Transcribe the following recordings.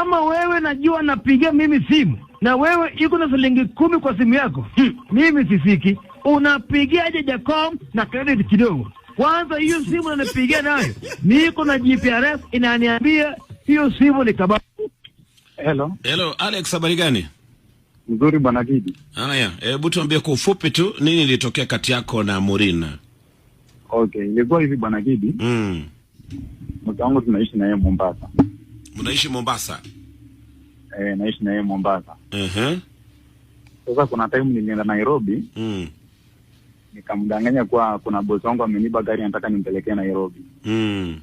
ama wewe najua napigia mimi simu na wewe iko na shilingi kumi kwa simu yako hmm. Mimi sisiki, unapigiaje Jacom na credit kidogo? Kwanza hiyo simu nanipigia nayo niko na GPRS inaniambia hiyo simu ni kaba. Hello, hello Alex, habari gani? Mzuri bwana Gidi. Haya, ah, hebu tuambie kwa ufupi tu nini ilitokea kati yako na Murina? Okay, ilikuwa hivi bwana Gidi. Mm. Mke wangu tunaishi na yeye Mombasa. Mnaishi Mombasa? Eh, naishi na yeye Mombasa. Uh-huh. Sasa kuna time nilienda Nairobi. Mm. Nikamdanganya kuwa kuna boss wangu ameniba gari anataka nimpelekee Nairobi. Mm.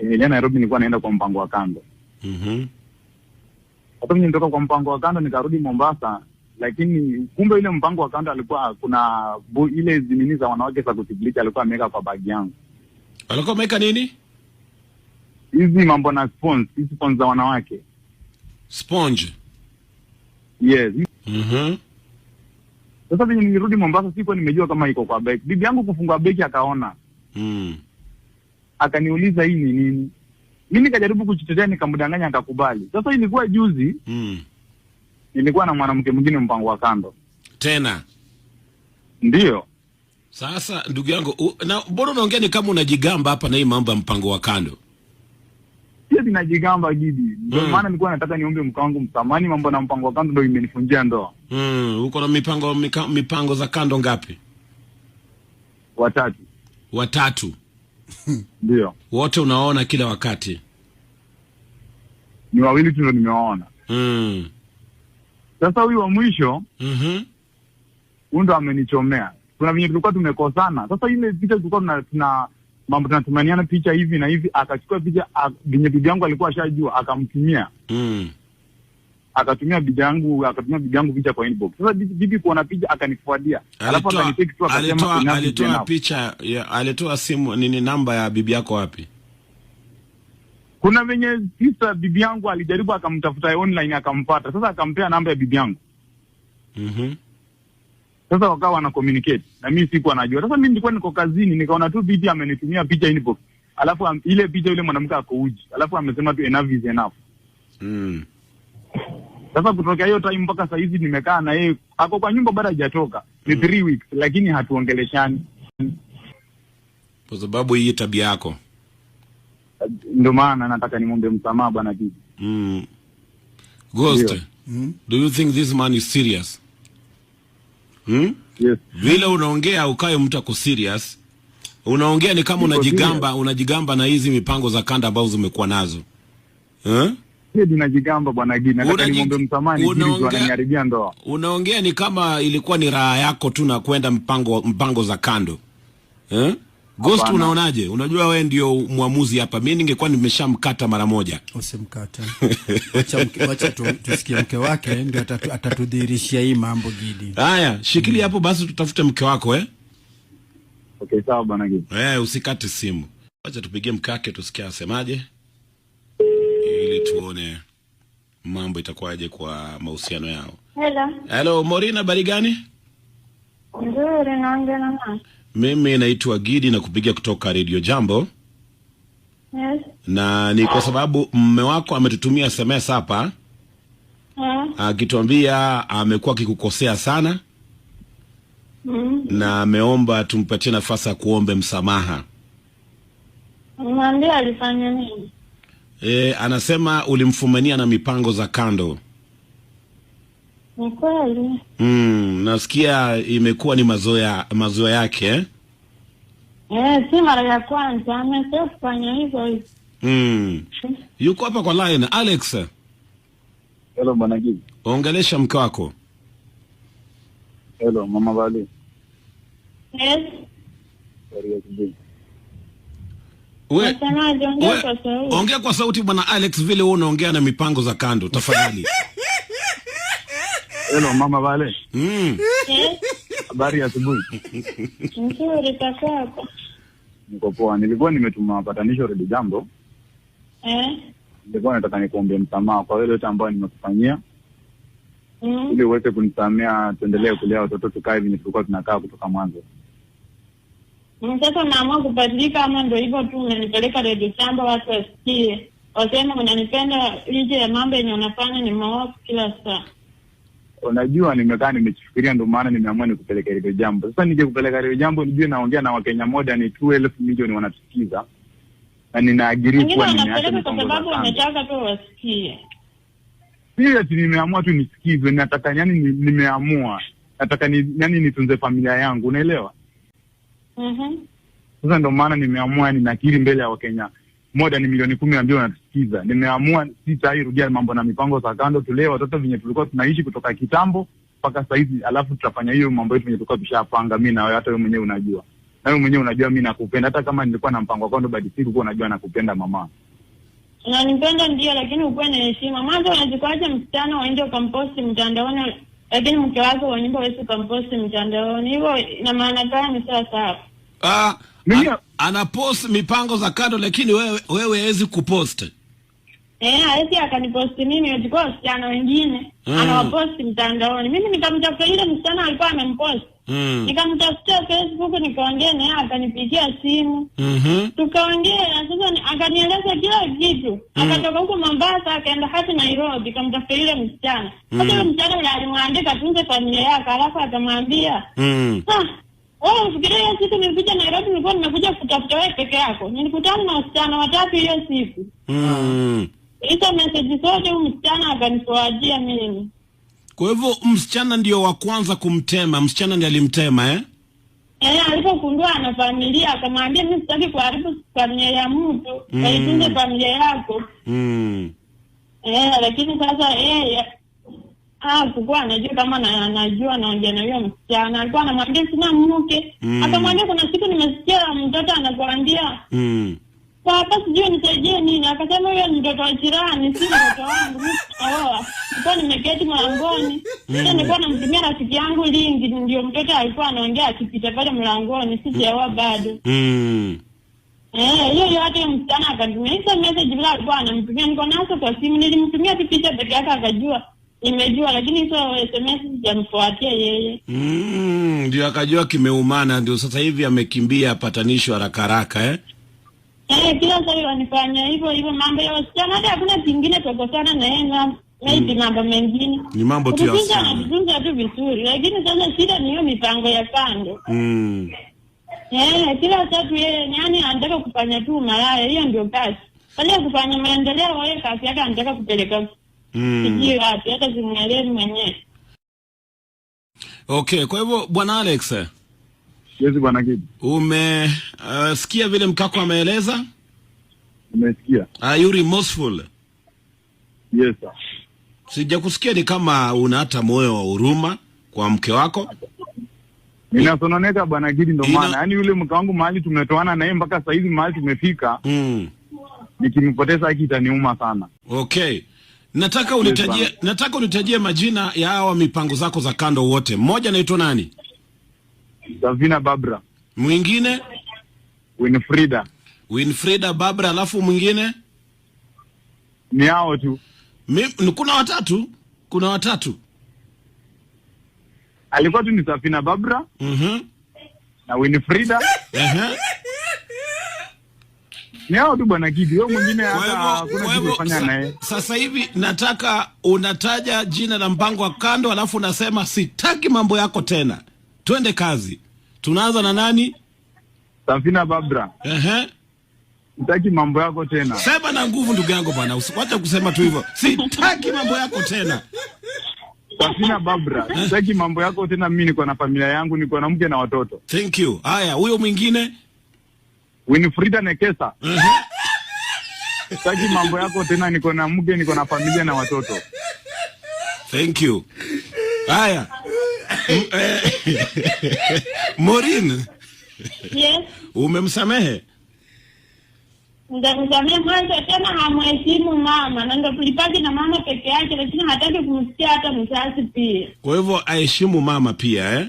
Nilienda Nairobi nilikuwa naenda kwa mpango wa kando. Mhm. Hapo nilitoka kwa mpango wa kando nikarudi Mombasa, lakini kumbe ile mpango wa kando alikuwa kuna bu, ile zimini za wanawake za kusibiliti alikuwa ameweka kwa bagi yangu. Alikuwa ameweka nini? hizi mambo na sponge, hizi sponge za wanawake sponge. Yes. Mhm. Sasa venye nilirudi Mombasa siko nimejua kama iko kwa beki. Bibi yangu kufungua beki akaona. Mm. Akaniuliza hii ni nini? Mimi nikajaribu kujitetea nikamdanganya akakubali. Sasa ilikuwa juzi. Mm. Nilikuwa na mwanamke mwingine mpango wa kando. Tena. Ndiyo. Sasa ndugu yangu, na bora unaongea ni kama unajigamba hapa na hii mambo ya mpango wa kando siwezi najigamba Gidi, ndio hmm. maana nilikuwa nataka niombe mke wangu msamani, mambo na mpango wa kando ndio imenifunjia ndoa. Mm, uko na mipango mika, mipango za kando ngapi? Watatu. Watatu. Ndio. Wote unaona kila wakati? Ni wawili tu ndio nimewaona. Mm. Sasa huyu wa mwisho, mhm, huyu ndo amenichomea. Kuna venye tulikuwa tumekosana. Sasa ile picha tulikuwa tuna mambo tunatumaniana picha hivi na hivi, akachukua picha venye bibi yangu alikuwa ashajua, akamtumia mm. Akatumia bibi yangu, akatumia bibi yangu picha kwa inbox. Sasa bibi kuona picha akanifuadia, alafu akaniteki tu, akasema alitoa picha ya, alitoa simu nini, namba ya bibi yako wapi? Kuna venye sisa bibi yangu alijaribu akamtafuta online akampata, sasa akampea namba ya bibi yangu mm sasa wakawa wana communicate na mimi siku anajua. Sasa mimi nilikuwa niko kazini, nikaona tu binti amenitumia picha inbox, alafu am, ile picha yule mwanamke ako uji, alafu amesema tu enough is enough mm. Sasa kutoka hiyo time mpaka saa hizi nimekaa na yeye, ako kwa nyumba bado hajatoka, ni 3 mm. weeks, lakini hatuongeleshani kwa sababu hii tabia yako. Ndio maana nataka nimwombe msamaha bwana Mm. Ghost. Mm. Do you think this man is serious? hmm? Yes. Vile unaongea ukawe mtu ako serious. Unaongea ni kama unajigamba, unajigamba na hizi mipango za kanda ambazo zimekuwa nazo. Eh? Unaongea ni kama ilikuwa ni raha yako tu na kwenda mpango mpango za kando. Eh? Ghost, unaonaje? Unajua wewe ndio mwamuzi hapa, mimi ningekuwa nimeshamkata mara moja. Usimkate, wacha tusikie mke wake ndio atatudhihirishia hii mambo Gidi. Haya, shikilia hapo basi, tutafute mke wako eh? Okay, sawa bwana Gidi. Eh, usikate simu, wacha tupigie mke wake tusikie asemaje, ili tuone mambo itakuwaje kwa mahusiano yao. Hello. Hello, Morina, habari gani? Nzuri, naongea na nani? Mimi naitwa Gidi na kupiga kutoka redio Jambo. Yes. Na ni kwa sababu mme wako ametutumia SMS hapa akituambia amekuwa akikukosea sana mm, na ameomba tumpatie nafasi ya kuombe msamaha. Mwambie alifanya nini? E, anasema ulimfumania na mipango za kando ni kweli. Mm, nasikia imekuwa ni mazoea mazoea yake eh? Eh, si mara ya kwanza amesha kufanya hivyo Mm. Yuko hapa kwa line Alex. Hello bwana Gigi. Ongelesha mke wako. Hello mama Bali. Yes. We, we, ongea kwa sauti bwana Alex, vile wewe unaongea na mipango za kando tafadhali. Hello mama Vale. Mm. Habari ya asubuhi. Nzuri kaka. Niko poa. Nilikuwa nimetuma patanisho redi jambo. Eh? Nilikuwa nataka nikuombe msamaha kwa wale wote ambayo nimekufanyia. Mm. Ili uweze kunisamea tuendelee kulea watoto tukae hivi tulikuwa tunakaa kutoka mwanzo. Sasa naamua kubadilika ama ndio hivyo tu unanipeleka redi jambo watu wasikie. Wasema unanipenda nje ya mambo yenye unafanya ni maovu kila saa unajua, nimekaa nimechifikiria, ndio maana nimeamua nikupeleka hilo jambo. Sasa nije kupeleka hilo jambo, nijue naongea na Wakenya moja ni tu elfu milioni wanatusikiza, na ninaagiri kuwa nimeacha ati nimeamua tu nisikizwe, nataka yani, nimeamua nataka ni, yani nitunze familia yangu, unaelewa? -hmm. sasa ndio maana nimeamua, ninakiri mbele ya Wakenya moja ni milioni kumi na mbili wanatusikiza. Nimeamua sitairudia mambo na mipango za kando, tulee watoto venye tulikuwa tunaishi kutoka kitambo mpaka sahizi, alafu tutafanya hiyo mambo yetu venye tulikuwa tushapanga. Mi nawe hata we mwenyewe unajua, nawe mwenyewe unajua mi nakupenda, hata kama nilikuwa na mpango kando si ulikuwa unajua nakupenda mama. Unanipenda ndio, lakini ukuwe na heshima mwanzo. Unajikwaje msichana waende ukamposti mtandaoni, lakini mke wako wa nyumba wezi ukamposti mtandaoni? Hivyo ina maana gani? Sasa ah, mimi ah, anapost mipango za kando, lakini wewe wewe hawezi kupost eh, hawezi akaniposti mimi, eti wasichana wengine mm. anawaposti mtandaoni. Mimi nikamtafuta yule msichana alikuwa amempost Mm. Nikamtafutia Facebook nikaongea naye akanipigia simu. Mhm. Mm Tukaongea sasa akanieleza kila kitu. Mm. Akatoka huko Mombasa akaenda hadi Nairobi kamtafuta yule msichana. Hata mm. yule msichana yule alimwandika tunze familia yake alafu akamwambia. Hmm. ah, wewe oh, usifikirie hiyo siku nilikuja Nairobi, nilikuwa nimekuja kutafuta wewe peke yako. Nilikutana na wasichana watatu hiyo siku mm. hizo message zote huyu msichana akanisoajia mimi. Kwa hivyo msichana ndio wa kwanza kumtema, msichana ndiye alimtema eh? Eh, alipokundua ana familia akamwambia, mimi sitaki kuharibu familia ya mtu, mm. aitunze familia yako mm. Eh, lakini sasa yeye eh, hakukuwa ah, anajua kama na, najua naongea na huyo msichana, alikuwa anamwambia sina mke mm. Akamwambia kuna siku nimesikia mtoto anakuambia mm. Papa, sijui nisaidie nini. Akasema huyo ni mtoto wa jirani, si mtoto wangu. sitaoa. Nilikuwa nimeketi mlangoni, mm. sasa nilikuwa namtumia rafiki yangu lingi, ndio mtoto alikuwa anaongea akipita pale mlangoni, sijaoa bado mm. Eh, hiyo msichana akatumia hizo message bila alikuwa anamtumia, niko kwa simu, nilimtumia tu picha peke yake akajua Nimejua lakini sio SMS sijamfuatia yeye. Mm, ndio akajua kimeumana, ndio sasa hivi amekimbia patanisho haraka haraka eh. Eh, kila sasa wanifanya hivyo hivyo mambo ya wasichana, hata hakuna kingine tokosana na yeye na maybe mm. mambo mengine. Ni mambo tu ya wasichana. Tunza tu vizuri, lakini sasa shida ni hiyo mipango ya pande. Mm. Eh, kila sasa tu yeye yani anataka kufanya tu malaya, hiyo ndio kazi. Badala kufanya maendeleo, yeye kazi yake anataka kupeleka Mm. sijui wapi, hata simwelewi mwenyewe. Okay, kwa hivyo bwana Alex, yes bwana Gidi, Ume uh, sikia vile mkako ameeleza? Umesikia? Are you remorseful? Yes sir. Sijakusikia ni kama una hata moyo wa huruma kwa mke wako. Ninasononeka bwana Gidi, ndo maana yaani yule mke wangu mahali tumetoana naye mpaka saizi mahali tumefika mm. nikimpoteza hiki itaniuma sana. Okay. Nataka unitajie, nataka unitajie majina ya hawa mipango zako za kando wote. Mmoja anaitwa nani? Davina Babra. Mwingine? Winfrida. Winfrida Babra, alafu mwingine? Ni hao tu. Mi, kuna watatu, kuna watatu. Alikuwa tu ni Safina Babra. Mhm. Mm na Winfrida. Eh ni hao tu bwana Kidi, wewe mwingine hata hakuna kitu kufanya naye. Sasa hivi nataka unataja jina la mpango wa kando, alafu unasema sitaki mambo yako tena, twende kazi. Tunaanza na nani? Safina Babra. Ehe, sitaki mambo yako tena. Sema na nguvu, ndugu yangu bwana, usiwache kusema tu hivyo, sitaki mambo yako tena. Safina Babra, eh? sitaki mambo yako tena. Mimi niko na familia yangu, niko na mke na watoto. Thank you. Haya, huyo mwingine Winfrida Nekesa. Mhm. Sitaki mambo yako tena, niko na mke, niko na familia na watoto. Thank you. Haya. Morin. Eh, yes. Umemsamehe? Ndamsamehe mwanzo tena hamheshimu mama, na ndio tulipaki na mama peke yake, lakini hataki kumsikia hata mzazi pia. Kwa hivyo aheshimu mama pia eh?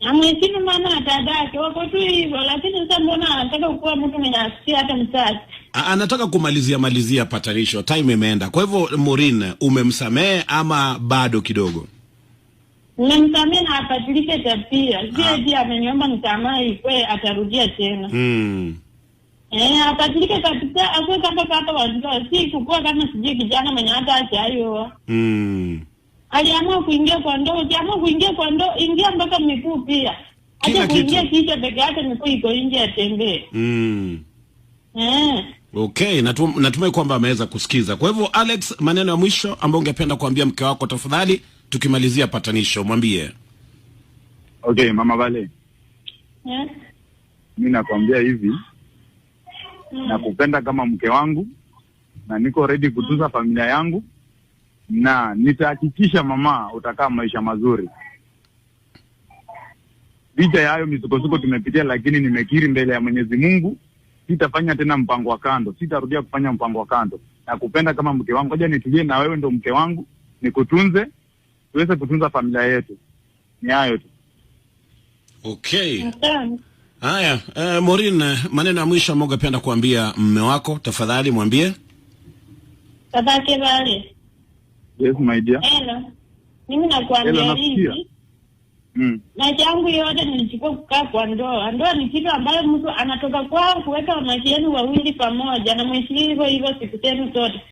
namheshimu mama na dada yake, wako tu hivyo. Lakini sasa mbona anataka kuwa mtu mwenye asiye hata mzazi? Anataka kumalizia malizia, patanisho, time imeenda. Kwa hivyo, Morin, umemsamehe ama bado kidogo? Nimemsamehe na abadilike tabia, sie ah. pia ameniomba msamaha, ikwe atarudia tena mm. Eh, abadilike kabisa, akuwe kama baba wajua, si kukuwa kama sijui kijana mwenye hata hajaoa mm aliamua kuingia kwa ndoo, ukiamua kuingia kwa ndoo, ingia mpaka miguu pia, acha kuingia kisha peke yake, miguu iko nje, atembee. mm. eh. Okay, natum, natumai kwamba ameweza kusikiza. Kwa hivyo Alex, maneno ya mwisho ambayo ungependa kuambia mke wako, tafadhali, tukimalizia patanisho mwambie. Okay, mama Vale, yeah. Mimi nakwambia hivi mm. Nakupenda kama mke wangu na niko ready kutuza mm. familia yangu na nitahakikisha mama utakaa maisha mazuri. Licha ya hayo misukosuko tumepitia, lakini nimekiri mbele ya Mwenyezi Mungu sitafanya tena mpango wa kando, sitarudia kufanya mpango wa kando na kupenda kama mke wangu. Ngoja nitulie na wewe, ndo mke wangu, nikutunze, tuweze kutunza familia yetu. Ni hayo tu. Okay, haya. Uh, eh, Morin, maneno ya mwisho ambayo ungependa kuambia mme wako, tafadhali mwambie. Yes, my dear. Hello. Mimi nakuambia hivi. Mm. Maisha yangu yote nilichukua kukaa kwa ndoa. Ndoa ni kitu ambayo mtu anatoka kwao kuweka yenu wawili pamoja na mheshimu hivyo hivyo siku zenu zote.